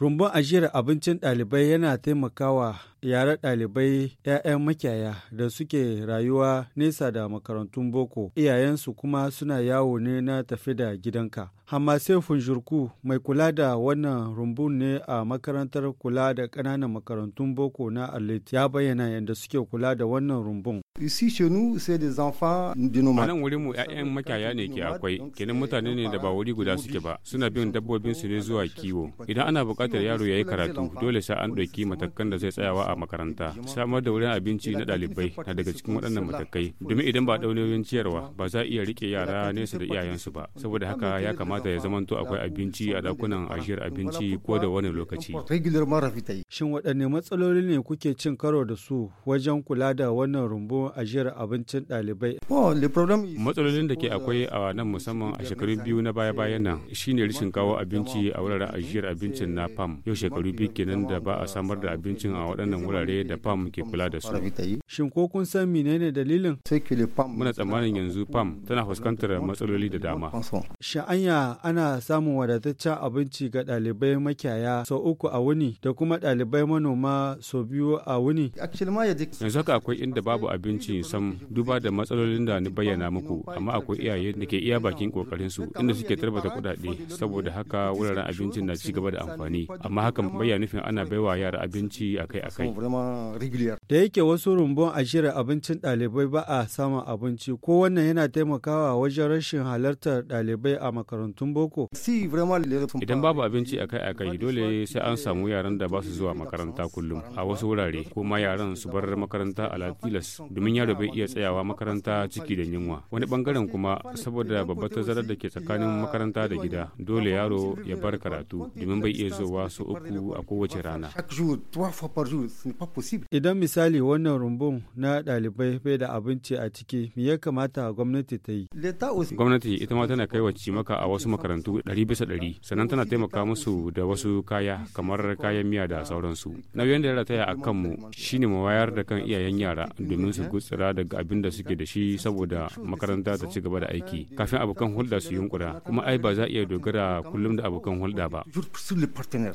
Rumbun ajiyar abincin ɗalibai yana taimakawa yare ɗalibai 'ya'yan makiyaya da suke rayuwa nesa da makarantun boko iyayensu kuma suna yawo ne na tafi da gidanka hamase funjurku mai kula da wannan rumbun ne a makarantar kula da ƙananan makarantun boko na alit ya bayyana yadda suke kula da wannan rumbun Ici chez nous, c'est des enfants Anan wuri mu ƴaƴan makiyaya ne ke akwai, kenan mutane ne da ba wuri guda suke ba, suna bin dabbobin su ne zuwa kiwo. Idan ana buƙatar yaro ya yi karatu, dole sai an ɗauki matakan da zai tsayawa a a makaranta samar da wurin abinci na dalibai na daga cikin waɗannan matakai domin idan ba ɗauniyoyin ciyarwa ba za a iya rike yara nesa da iyayensu ba saboda haka ya kamata ya zamanto akwai abinci a dakunan ajiyar abinci ko da wani lokaci shin waɗanne matsaloli ne kuke cin karo da su wajen kula da wannan rumbu ajiyar abincin ɗalibai matsalolin da ke akwai a nan musamman a shekaru biyu na baya-bayan nan shine rashin kawo abinci a wuraren ajiyar abincin na pam yau shekaru biyu kenan da ba a samar da abincin a waɗannan wurare da pam ke kula da su shin ko kun san menene dalilin muna tsammanin yanzu pam tana fuskantar matsaloli da dama sha'anya ana samun wadataccen abinci ga ɗalibai makiyaya sau uku a wuni da kuma ɗalibai manoma sau biyu a wuni yanzu haka akwai inda babu abinci sam duba da matsalolin da ni bayyana muku amma akwai iyaye da ke iya bakin kokarin su inda suke tarbata kuɗaɗe saboda haka wuraren abincin na ci gaba da amfani amma hakan bayyana nufin ana baiwa yara abinci akai-akai zama regular. Da yake wasu rumbun a shirin abincin ɗalibai ba a samun abinci ko wannan yana taimakawa wajen rashin halartar ɗalibai a makarantun boko. Idan babu abinci a akai-akai dole sai an samu yaran da ba su zuwa makaranta kullum a wasu wurare ko ma yaran su bar makaranta a latilas domin yaro bai iya tsayawa makaranta ciki da yunwa. Wani bangaren kuma saboda babbar tazarar da ke tsakanin makaranta da gida dole yaro ya bar karatu domin bai iya zuwa su uku a kowace rana. Idan misali wannan rumbun na ɗalibai bai da abinci a ciki, me ya kamata gwamnati ta yi? Gwamnati ita ma tana wa cimaka a wasu makarantu ɗari bisa ɗari, sannan tana taimaka musu da wasu kaya kamar kayan miya da sauransu. Nauyin da ya rataya a kanmu shine mu wayar da kan iyayen yara domin su gutsira daga abin da suke da shi saboda makaranta ta ci gaba da aiki kafin abokan hulɗa su yunkura kuma ai ba za a iya dogara kullum da abokan hulɗa ba.